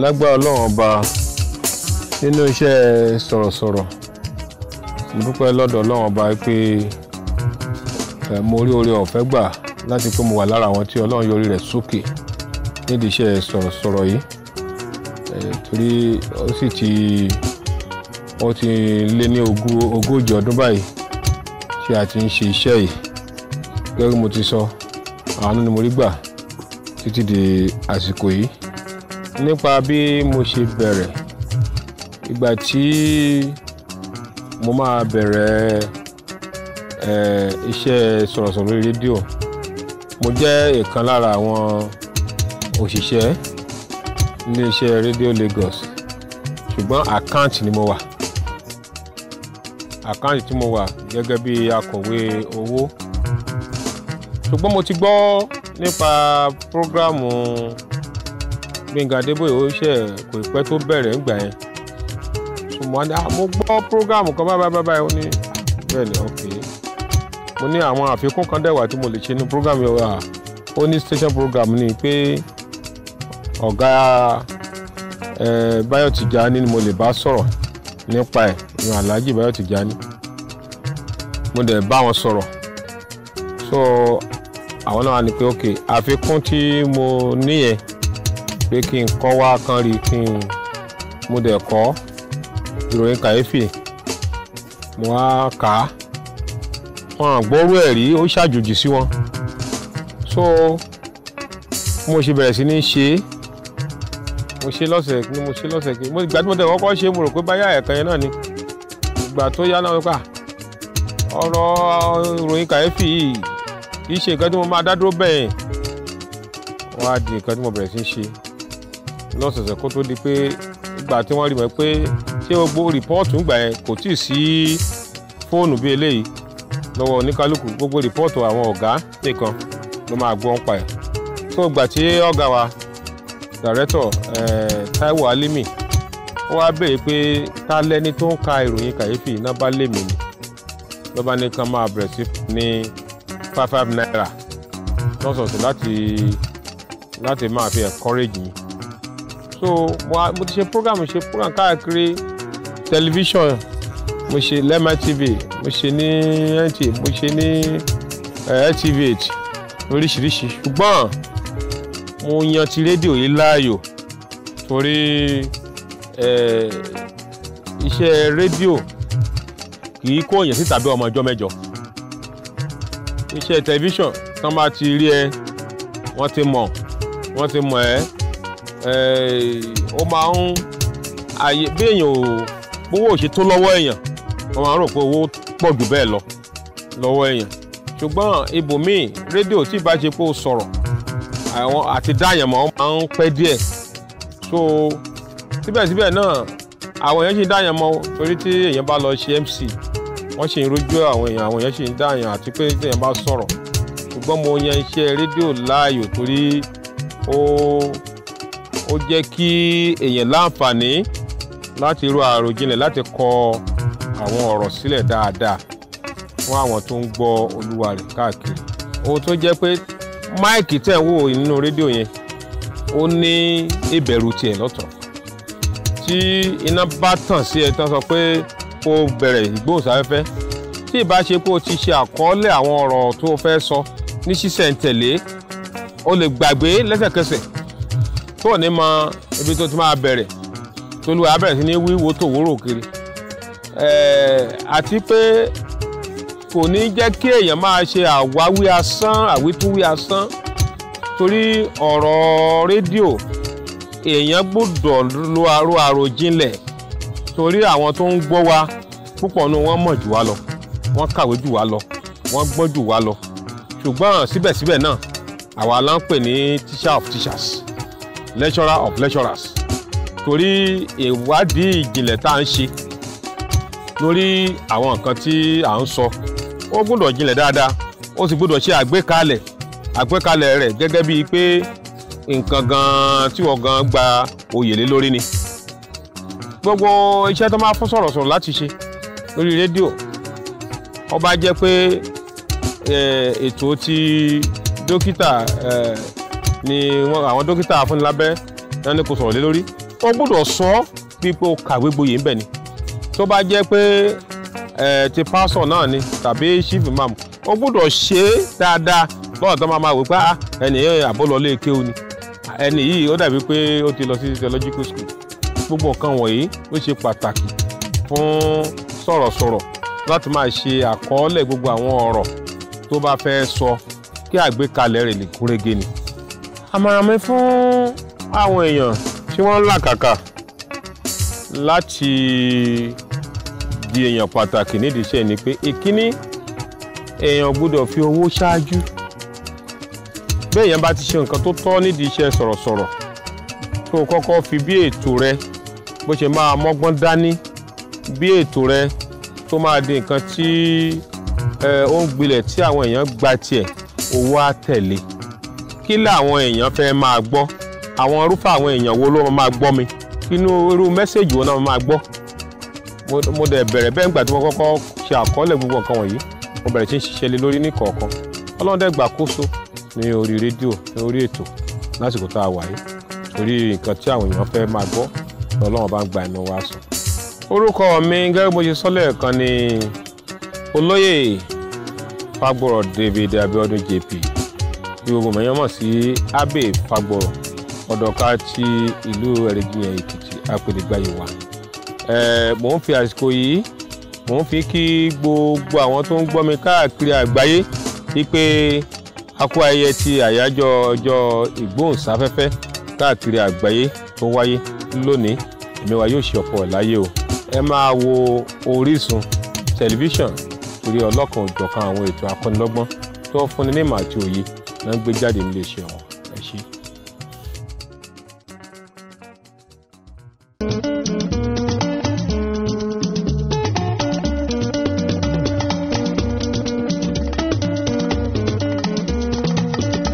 lágbára ọlọ́run ọba nínú iṣẹ́ sọ̀rọ̀sọ̀rọ̀ mo dúpẹ́ lọ́dọ̀ ọlọ́run ọba pé mo rí oore ọ̀fẹ́ gbà láti pé mo wà lára àwọn tí ọlọ́run yọrí rẹ̀ sókè nídìí iṣẹ́ sọ̀rọ̀sọ̀rọ̀ yìí torí ó sì ti ó ti lé ní ogójì ọdún báyìí tí a ti ń ṣe iṣẹ́ yìí gẹ́gẹ́ bí mo ti sọ àánú ni mo rí gbà títí di àsìkò yìí nípa bí mo ṣe bẹ̀rẹ̀ ìgbà tí mo máa bẹ̀rẹ̀ eh, iṣẹ́ sọ̀rọ̀sọ̀rọ̀ lórí rédíò mo jẹ́ ìkan lára àwọn òṣìṣẹ́ iléeṣẹ́ rédíò Lagos ṣùgbọ́n àkáǹtì ni mo wà àkáǹtì tí mo wà gẹ́gẹ́ bí akọ̀wé owó ṣùgbọ́n mo ti gbọ́ nípa prógráàmù. Programu Gbẹ̀ngà Adébóyè ó ṣe kò pẹ́ tó bẹ̀rẹ̀ ń gbà yẹn ṣùgbọ́n mo gbọ́ prógámù kan báyìí báyìí báyìí ó ní bẹ́ẹ̀ ni ọ̀kẹ́ mo ní àwọn àfikún kan dẹ̀wà tí mo lè ṣe ní prógámù yẹn wà ó ní station program ni pé ọ̀gá Báyọ̀ Tìjání ni mo lè bá sọ̀rọ̀ nípa ẹ̀ ní Alhaji Báyọ̀ Tìjání mo dẹ̀ bá wọn sọ̀rọ̀ so àwọn náà wà ní pé ok àfikún tí mo níyẹn pé kí n kọ́ wá kán rí kí n mo dẹ̀ kọ́ ìròyìn kàyéfì mo á kà á wọn àgbọ́rú ẹ̀ rí ó ṣàjòjì sí wọn so mo ṣe bẹ̀rẹ̀ sí ní ṣe é mo ṣe lọ́sẹ̀ ni mo ṣe lọ́sẹ̀ kí mo gbà tí mo tẹ̀ kọ́kọ́ ṣe mo rò pé báyà ẹ̀kan yẹn náà ni ìgbà tó yá náà wípé ọ̀rọ̀ ìròyìn kàyéfì yìí kì í ṣe nǹkan tí mo máa dá dúró bẹ́ẹ̀ wá di nǹkan tí mo bẹ̀rẹ̀ sí í ṣe lọ́sọ̀ọ̀sẹ̀ kó tó di pé ìgbà tí wọ́n rí mọ̀ pé ṣé gbogbo rìpọ́ọ̀tù ń gbà yẹn kò tí ì sí fóònù bíi eléyìí lọ́wọ́ oníkálukú gbogbo rìpọ́ọ̀tù àwọn ọ̀gá nìkan ló máa gbọ́ ń pa ẹ̀. tó gbà tí ọ̀gá wa dàrẹ́tọ̀ eh, Táíwò Alimi ó wá béèrè pé ta lẹ́ni tó ń ka ìròyìn kàyéfì iná bá lèmi ni ló bá ní kan máa bẹ̀rẹ̀ sí ní five five naira lọ́sọ̀ọ̀sẹ̀ láti láti máa fi encourage mi so mo ti ṣe program mo ṣe program káàkiri tẹlifíṣàn mo ṣe lẹ́mà tv mo ṣe ní NTA mo ṣe ní LTVH oríṣiríṣi ṣùgbọ́n mo yan ti rédíò yìí láàyò torí iṣẹ́ rédíò kì í kó èèyàn síta bí ọmọ ọjọ́ mẹ́jọ iṣẹ́ tẹlifíṣàn tán bá ti rí ẹ wọ́n ti mọ̀ wọ́n ti mọ̀ ẹ́ ó máa ń àyè bí èèyàn ò gbowó òṣè tó lọ́wọ́ èèyàn wọ́n máa ń rò pé owó pọ̀ jù bẹ́ẹ̀ lọ lọ́wọ́ èèyàn ṣùgbọ́n ibòmíì rédíò tí ìbá ṣe pé ó sọ̀rọ̀ àwọn àti dáyàn mọ́ máa ń pẹ́ díẹ̀ so síbẹ̀síbẹ̀ náà àwọn èèyàn sì ń dáyàn mọ́ torí tí èèyàn bá lọ ṣe MC wọ́n sì ń rojú àwọn èèyàn àwọn èèyàn sì ń dáyàn àti pé tí èèyàn bá sọ̀rọ̀ ṣùgbọ́n mo yan iṣẹ́ rédíò láàyò torí ó. Oh, ó jẹ́ kí èèyàn láǹfààní láti ro àròjinlẹ̀ láti kọ àwọn ọ̀rọ̀ sílẹ̀ dáadáa fún àwọn tó ń gbọ́ olúwa rẹ̀ káàkiri ohun tó jẹ́ pé máìkì tẹ̀ ń wò nínú rédíò yẹn ó ní ìbẹ̀rù tiẹ̀ lọ́tọ̀ tí iná bá tàn sí ẹ tán sọ pé kó bẹ̀rẹ̀ ìgbóhùnsáfẹ́fẹ́ tí ìbá ṣe o ti ṣe àkọọ́lẹ̀ àwọn ọ̀rọ̀ tó o fẹ́ sọ ní ṣísẹ̀ntẹ̀lé o lè gbàgbé lẹ́sẹ̀kẹsẹ̀ tó ní mọ ibi tó ti máa bẹ̀rẹ̀ tolúwa á bẹ̀rẹ̀ sí ní wíwo tòwúrò kiri àti pé kò ní jẹ́ kí èèyàn máa ṣe àwáwí asán àwítúwí asán torí ọ̀rọ̀ rédíò èèyàn gbọ́dọ̀ lo aró àròjinlẹ̀ torí àwọn tó ń gbọ́ wa púpọ̀ nu wọ́n mọ̀ jù wá lọ wọ́n kàwé jù wá lọ wọ́n gbọ́n jù wá lọ ṣùgbọ́n síbẹ̀síbẹ̀ náà àwa la ń pè ní teacher of teachers lecturer of lecturers torí ìwádìí ìjìnlẹ̀ tá à ń ṣe lórí àwọn nǹkan tí à ń sọ ó gbọ́dọ̀ jinlẹ̀ dáadáa ó sì gbọ́dọ̀ ṣe àgbékalẹ̀ àgbékalẹ̀ rẹ̀ gẹ́gẹ́ bíi pé nǹkan gan-an tí wọ́n gan gba oyè lé lórí ni gbogbo iṣẹ́ tó máa fún sọ̀rọ̀sọ̀rọ̀ láti ṣe lórí rédíò ó jẹ́ pé eh, ètò ti dókítà eh, ni àwọn dókítà afúnilábẹ́ náà ní kò sọ̀rọ̀ lé lórí wọ́n gbọ́dọ̀ sọ pípé o kàwé gboyè ń bẹ̀ ni tó bá jẹ́ pé ti pásọ̀ náà ni tàbí chief imam wọ́n gbọ́dọ̀ ṣe é dáadáa lọ́nà tó máa ma wò pé ah, ẹnì yẹn àbólọ́lé kéwù ni ẹnì yìí ó dàbí pé ó ti lọ sí theological school gbogbo nǹkan wọ̀nyí ó ṣe pàtàkì fún sọ̀rọ̀sọ̀rọ̀ láti máa ṣe àkọọ́lẹ̀ gbogbo àwọn ọ̀rọ̀ tó bá fẹ́ sọ kí àgbékalẹ̀ rẹ̀ lè gúnrégé ni àmọ̀ràn mi fún àwọn èèyàn tí wọ́n ń làkàkà láti di èèyàn pàtàkì nídìí iṣẹ́ ni pé ìkíní èèyàn gbọ́dọ̀ fi owó ṣáájú bí èèyàn bá ti ṣe nǹkan tó tọ́ nídìí iṣẹ́ sọ̀rọ̀sọ̀rọ̀ tó kọ́kọ́ fi bí ètò rẹ bó ṣe máa mọ́gbọ́n dání bí ètò rẹ tó máa di nǹkan tí ó ń gbilẹ̀ tí àwọn èèyàn gba tiẹ̀ owó á tẹ̀lé kí làwọn èèyàn fẹ́ máa gbọ́ àwọn irúfẹ́ àwọn èèyàn wo ló máa gbọ́ mi inú irú mẹ́sẹ̀gì wo náà máa gbọ́ mo dẹ̀ bẹ̀rẹ̀ bẹ́ẹ̀ nígbà tí mo kọ́kọ́ ṣe àkọọ́lẹ̀ gbogbo nǹkan wọ̀nyí mo bẹ̀rẹ̀ sí ń ṣiṣẹ́ lé lórí ní kọ̀ọ̀kan ọlọ́run dẹ̀ gbàkóso ní orí rédíò ní orí ètò lásìkò tá a wà yìí orí nǹkan tí àwọn èèyàn fẹ́ máa gbọ́ ọlọ́run bá ń gba ẹnu wa sùn. orúkọ mi gẹ́gẹ́ bó ṣe sọ lẹ́ẹ̀kan ni olóyè Fágbọ̀rọ̀ David Abíọ́dún JP ìwòwò mẹ́yàn mọ̀ sí abbey fagbọ̀rọ̀ ọ̀dọ̀ka ti ìlú ẹ̀rẹ̀jìyàn èkìtì apèlégbàyè wa mò ń fi àsìkò yìí mò ń fi kí gbogbo àwọn tó ń gbọ́ mi káàkiri àgbáyé wípé a kú ayẹyẹ ti àyájọ́ ọjọ́ ìgbóhùnsáfẹ́fẹ́ káàkiri àgbáyé tó wáyé lónìí èmi wa yóò ṣe ọ̀pọ̀ láyé o ẹ máa wo Orísun tẹlifíṣàn torí ọlọ́kan òjọ̀kan àwọn ètò akọ́nilọ́gbọ́n tó fúnni ní màtí òye náà gbé jáde nílé iṣẹ́ wọn ẹ ṣé.